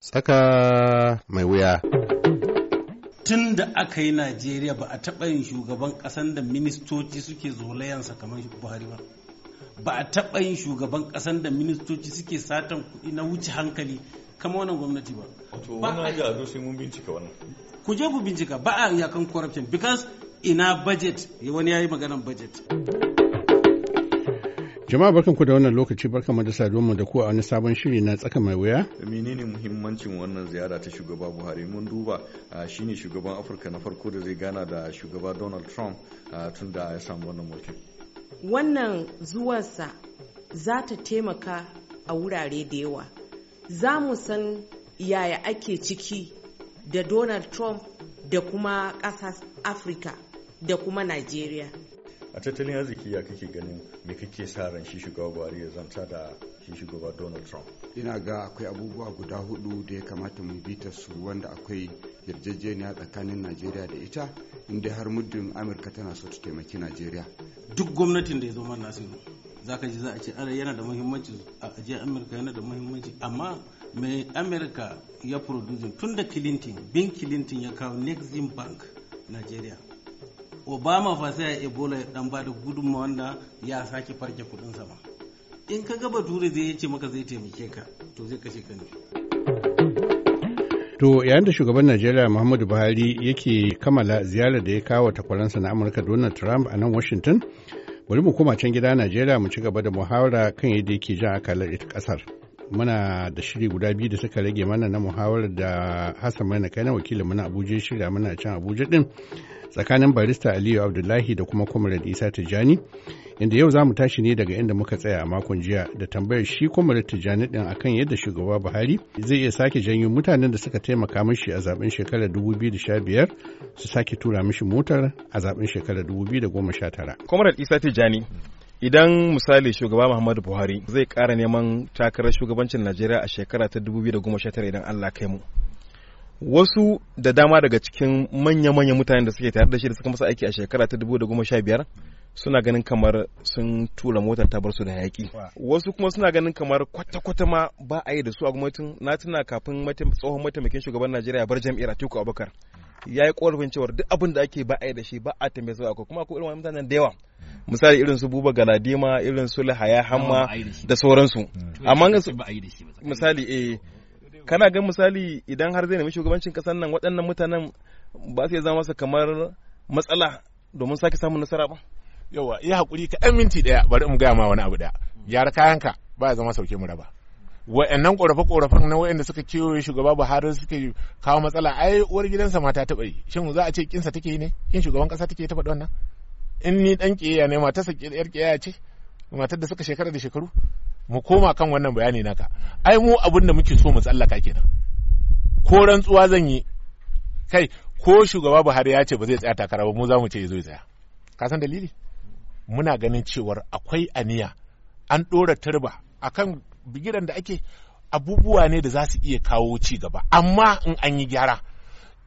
Tsaka mai wuya. Tun da aka yi Najeriya ba a taɓa yin shugaban ƙasan da ministoci suke zolayensa kamar Buhari ba. Ba a taɓa yin shugaban ƙasan da ministoci suke satan kuɗi na wuce hankali kama wannan gwamnati ba. Wato wannan aji a sai mun bincika wannan. Ku je ku bincika ba a yakan corruption because ina budget wani ya yi maganar budget. Jama'a barkanku da wannan lokaci barkanmu da saduwa da ku a wani sabon shiri na tsaka mai wuya. Menene muhimmancin wannan ziyara ta shugaba Buhari mun duba shine shugaban Afirka na farko da zai gana da shugaba Donald Trump tun da ya samu wannan mulki. Wannan zuwansa za ta taimaka a wurare da yawa. Za mu san yaya ake ciki da Donald Trump da kuma ƙasar Afirka da kuma Najeriya. a tattalin arziki ya kake ganin me kake sa ran shi shugaba buhari ya zanta da shi shugaba donald trump ina ga akwai abubuwa guda hudu da ya kamata mu bi ta su wanda akwai yarjejeniya tsakanin najeriya da ita inda har muddin amurka tana so ta taimaki najeriya duk gwamnatin da ya zo mana nasiru zaka ji za a ce ara yana da muhimmanci a ajiya amurka yana da muhimmanci amma mai amurka ya producing tun da clinton bin clinton ya kawo nexim bank nigeria obama fa sai ebola ya dan bada gudunma wanda ya sake farke kudin sama in ka gaba ture zai ce maka zai taimake ka to zai kashe ka ne To yayin da shugaban Najeriya Muhammadu Buhari yake kammala ziyarar da ya kawo takwaransa na Amurka Donald Trump a nan Washington, bari mu koma can gida Najeriya mu ci gaba da muhawara kan yadda yake jan akalar ita kasar. muna da shiri guda biyu da suka rage mana na muhawarar da Hassan na kai na wakilin muna Abuja shirya muna can Abuja din tsakanin barista Aliyu Abdullahi da kuma Comrade Isa Tijani inda yau za mu tashi ne daga inda muka tsaya a makon jiya da tambayar shi Comrade Tijani din kan yadda shugaba Buhari zai iya sake janyo mutanen da suka taimaka mishi a zaben shekarar biyar su sake tura mishi motar a zaben shekarar 2019. Comrade Isa Tijani idan misali shugaba muhammadu buhari zai kara neman takarar shugabancin najeriya a shekara ta 2019 idan allah kai mu wasu da dama daga cikin manya-manya mutanen da suke tare da shi da suka masa aiki a shekara ta 2015 suna ganin kamar sun tura motar ta bar su da yaƙi wasu kuma suna ganin kamar kwata-kwata ma ba a yi da su a gwamnatin na tuna kafin tsohon mataimakin shugaban najeriya bar jam'iyyar atiku abubakar ya yi korafin cewar duk abin da ake ba a yi da shi ba a tambaye su ko kuma ko irin wani mutanen da yawa misali irin su buba galadima irin su lahaya hamma da sauransu amma su misali eh kana ga misali idan har zai nemi shugabancin kasar nan waɗannan mutanen ba su zama masa kamar matsala domin sake samun nasara ba yawa iya hakuri ka ɗan minti ɗaya bari in gaya ma wani abu ɗaya gyara kayanka ba ya zama sauke mu raba wa'annan korafe-korafen na wa'anda suka kewaye shugaba Buhari suke kawo matsala ai uwar gidansa ma ta taɓa yi shin za a ce kinsa take ne kin shugaban ƙasa take ta faɗi wannan in ni dan kiyaya ne matarsa yar kiyaya ce matar da suka shekara da shekaru mu koma kan wannan bayani naka ai mu abin da muke so mu tsallaka kenan ko rantsuwa zan yi kai ko shugaba Buhari ya ce ba zai tsaya takara ba mu za mu ce zai tsaya ka san dalili muna ganin cewar akwai aniya an ɗora turba akan bigiran da ake abubuwa ne da za su iya kawo ci gaba amma in an yi gyara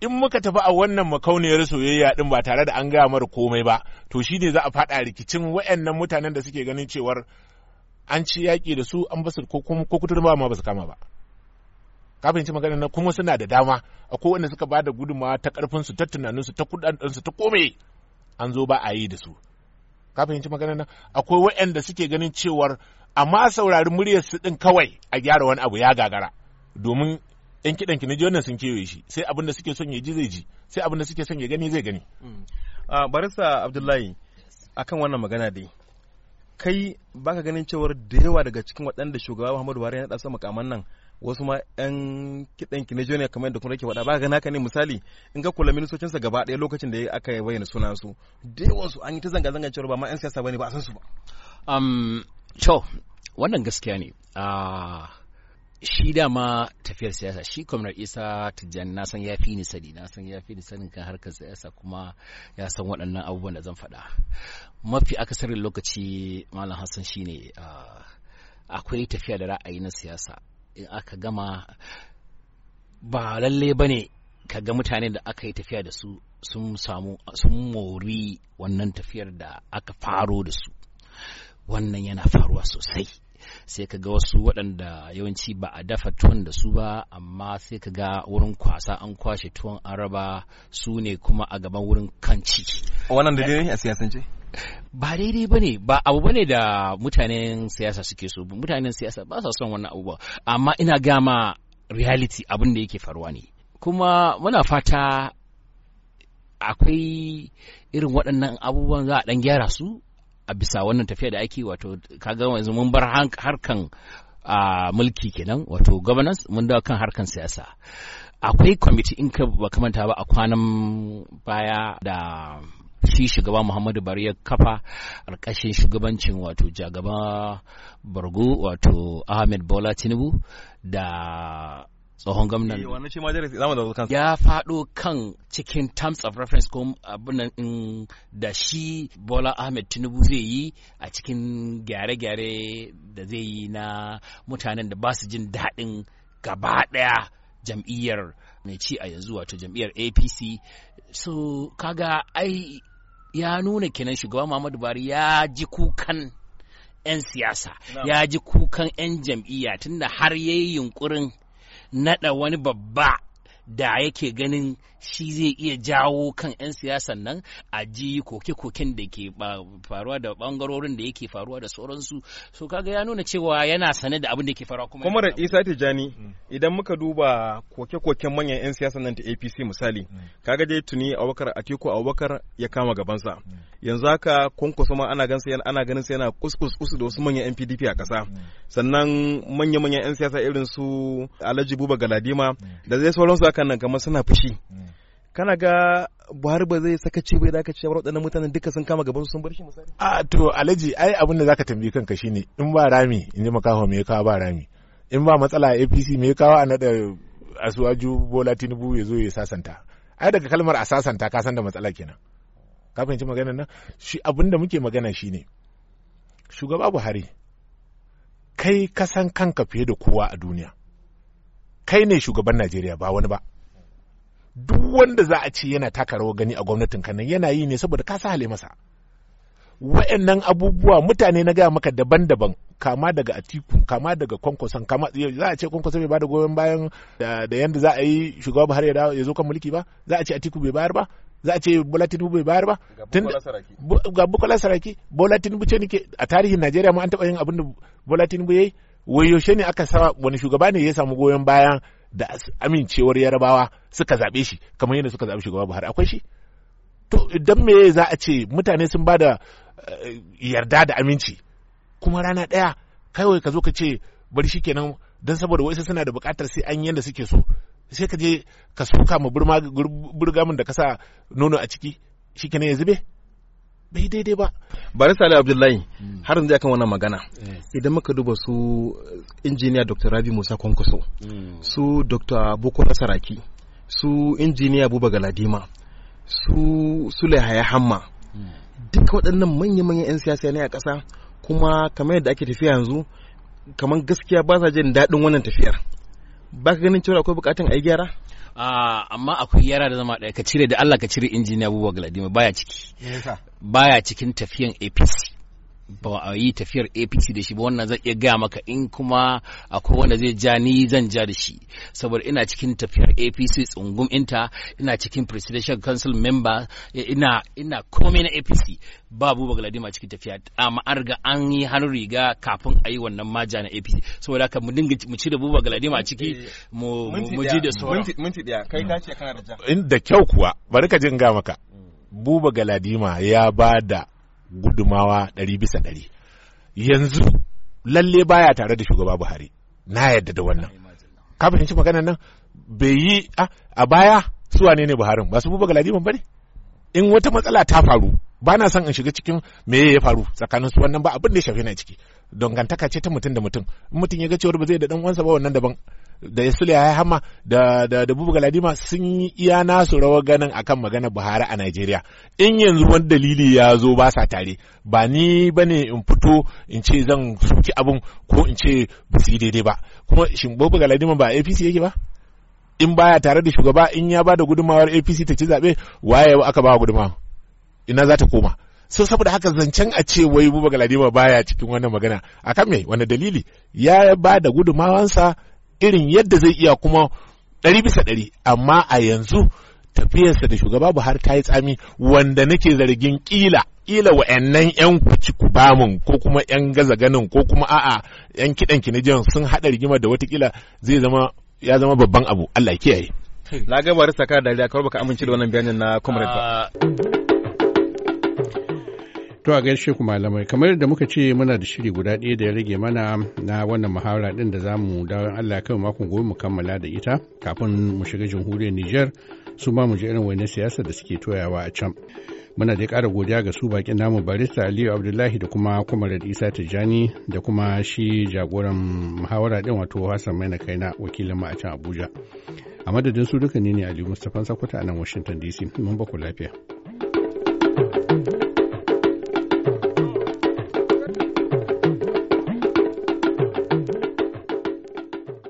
in muka tafi a wannan makauniyar soyayya din ba tare da an gaya mara komai ba to shine za a faɗa rikicin waɗannan mutanen da suke ganin cewar an ci yaƙi da su an basu ko ko ba ma basu kama ba kafin ci magana na kuma suna da dama akwai wanda suka bada gudunmawa ta karfin su ta tunanin su ta kudaden su ta komai an zo ba a yi da su kafin ci magana na akwai waɗanda suke ganin cewar amma saurari muryar su din kawai a gyara wani abu ya gagara domin yan kiɗan ki na wannan sun kewaye shi sai abin da suke son ya ji zai ji sai abin da suke son ya gani zai gani mm. barista abdullahi akan wannan magana dai kai baka ganin cewar da yawa daga cikin waɗanda shugaba muhammadu buhari ya naɗa su makaman nan wasu ma yan kiɗan ki na joniya kamar yadda kuma yake faɗa ba gana ka ne misali in ka kula ministocinsa gaba ɗaya lokacin da aka bayyana sunan su da yawan su an yi ta zanga-zanga cewar ba ma yan siyasa bane ba a san su ba To, wannan gaskiya ne. Ah, shi dama tafiyar siyasa, shi kwamnar Isa Tijjani na san ya fi ni sani, na san ya fi ni sanin kan harkar siyasa kuma ya san waɗannan abubuwan da zan faɗa. Mafi akasarin lokaci Malam Hassan shi ne ah, akwai tafiya da ra'ayi na siyasa. In aka gama ba lalle ba ne ka ga mutane da aka yi tafiya da su sun samu sun mori wannan tafiyar da aka faro da su. wannan yana faruwa sosai sai ka ga wasu waɗanda yawanci ba a dafa tuwon da su ba amma sai ka ga wurin kwasa an kwashe tuwon an raba su ne kuma a gaban wurin kanci wannan da ne a siyasance ba daidai ba ne ba abu ba ne da mutanen siyasa suke so mutanen siyasa ba sa son wannan abubuwa amma ina gama reality abin da yake faruwa ne kuma muna fata akwai irin waɗannan abubuwan za a ɗan gyara su a bisa wannan tafiya da ake wato kaga yanzu mun bar harkan a mulki kenan wato governance mun dawo kan harkan siyasa akwai kwamiti in ka ba kamanta ba a kwanan baya da shi shugaba muhammadu bari ya kafa ƙarƙashin shugabancin wato jagaba bargo wato ahmed bola tinubu da tsohon gwamnan eh, ya faɗo kan cikin terms of reference ko abin da shi bola ahmed tinubu zai yi a cikin gyare-gyare da zai yi na mutanen da ba su jin daɗin gaba ɗaya jam'iyyar mai ci a yanzu wato jam'iyyar apc so kaga ai ya nuna kenan shugaban muhammadu buhari ya ji kukan 'yan siyasa ya ji kukan 'yan jam'iyya tunda har yayi yunkurin naɗa wani babba da yake ganin shi zai iya jawo kan 'yan siyasan nan a ji koke-koken da ke faruwa da bangarorin da yake faruwa da sauransu so kaga ya nuna cewa yana sane da abin da ke faruwa kuma da isa tijani mm. idan muka duba koke-koken manyan 'yan siyasan nan ta apc misali mm. kaga dai tuni abubakar atiku abubakar ya kama gabansa mm. yanzu haka kwankwaso ma ana gansa ana ganin sai yana kuskus da wasu manyan 'yan pdp a kasa sannan manya-manyan 'yan siyasa irin su alhaji buba galadima da zai sauransu hakan nan kamar suna fushi kana ga buhari ba zai ce bai zaka cewa waɗannan mutanen duka sun kama gaban sun bar shi misali a to alhaji ai abin da zaka tambayi kanka shine in ba rami in ji makaho me ya kawo ba rami in ba matsala apc me ya kawo a nada asuwaju bola tinubu ya zo ya sasanta ai daga kalmar a sasanta ka san da matsala kenan ka fahimci maganar nan shi abin da muke magana shine shugaba buhari kai kasan kanka fiye da kowa a duniya kai ne shugaban najeriya ba wani ba duk wanda za a ce yana taka rawar gani a gwamnatin kanan yana yi ne saboda ka sale masa wa'annan abubuwa mutane na gaya maka daban-daban kama daga atiku kama daga kwankwason kama za a ce kwankwason bai bada goyon bayan da yanda za a yi shugaba buhari ya zo kan mulki ba za a ce atiku bai bayar ba za a ce bola tinubu bai bayar ba ga bukola saraki bola tinubu ce nike a tarihin najeriya ma an taɓa yin abin da bola tinubu ya yi wai yaushe ne aka sa wani shugaba ne ya samu goyon bayan da amincewar yarabawa suka zaɓe shi kamar yadda suka zaɓe shugaba buhari akwai shi to idan me za a ce mutane sun ba da eh, yarda da aminci kuma rana ɗaya kawai ka zo ka ce bari shi kenan don saboda wasu suna da buƙatar sai an yadda suke so sai ka je ka soka ma burgamin da ka sa nono a ciki shi kenan ya zube bai daidai ba bari sale abdullahi hmm. har yanzu akan wannan magana eh. idan muka duba su eh, injiniya dr rabi musa kwankwaso hmm. su dr boko nasaraki su injiniya buba galadima su sule hamma hmm. duk waɗannan manya-manyan 'yan siyasa ne a ƙasa kuma kamar yadda ake tafiya yanzu kamar gaskiya ba sa jin daɗin wannan tafiyar ba ka ganin cewa akwai buƙatar a yi gyara Ah, amma akwai yara da zama ɗaya ka cire da Allah ka cire injiniya Abubakar Galadima baya ciki baya cikin tafiyan APC ba a yi tafiyar apc da shi ba wannan zan iya gaya maka in kuma akwai wanda zai ja ni zan ja da shi saboda ina cikin tafiyar apc tsungum inta ina cikin presidential council member eh, ina ina komai na apc babu ba galadima cikin tafiya amma an riga an yi hannun riga kafin a yi wannan maja na apc saboda haka mu dinga mu ci da buba galadima ciki mu ji da su minti daya kai ka ce kana da ja da kyau kuwa bari ka jin ga maka buba galadima ya bada gudumawa ɗari bisa ɗari yanzu lalle baya tare da shugaba buhari na yadda da wannan ka fahimci magana nan bai yi ah, a baya su wane ne buharin ba su buba galadi ba ne in wata matsala ta faru ba na son in shiga cikin me ya faru tsakanin su wannan ba abin da ya shafi na ciki dangantaka ce ta mutum da mutum in mutum ya ga cewar ba zai da dan uwansa ba wannan daban da ya Hama da da da Bubu Galadima sun yi iya nasu rawar ganin akan magana Buhari a Najeriya in yanzu wani dalili ya zo ba sa tare ba ni bane in fito in ce zan soki abun ko in ce ba su yi daidai ba kuma shin Bubu Galadima ba APC yake ba in baya tare da shugaba in ya ba da gudummawar APC ta ci zaɓe waye aka ba gudumawa ina za ta koma so saboda haka zancen a ce wai buba galadima baya cikin wannan magana akan me wani dalili ya ba da gudumawansa irin yadda zai iya kuma ɗari bisa ɗari amma a yanzu tafiyarsa da shugaba Buhari ta yi tsami wanda nake zargin kila kila wa'annan yan kuci kubamin ko kuma yan gaza ganin ko kuma a'a yan kiɗan kinijan sun haɗa rigima da watakila zai zama ya zama babban abu Allah kiyaye na ga barista ka da kawai baka amince da wannan bayanin na comrade ba ah, To a gaishe ku malamai kamar yadda muka ce muna da shiri guda ɗaya da ya rage mana na wannan muhawara ɗin da za mu da Allah kai makon gobe mu kammala da ita kafin mu shiga jamhuriyar Nijar su ba mu ji irin wani siyasa da suke toyawa a can. Muna da kara godiya ga su bakin namu barista Aliyu Abdullahi da kuma kuma da Isa Tijjani da kuma shi jagoran muhawara ɗin wato Hassan Maina Kaina wakilin mu a can Abuja. A madadin su duka ne ne Aliyu Mustapha Sakwata a nan Washington DC. Mun ba ku lafiya.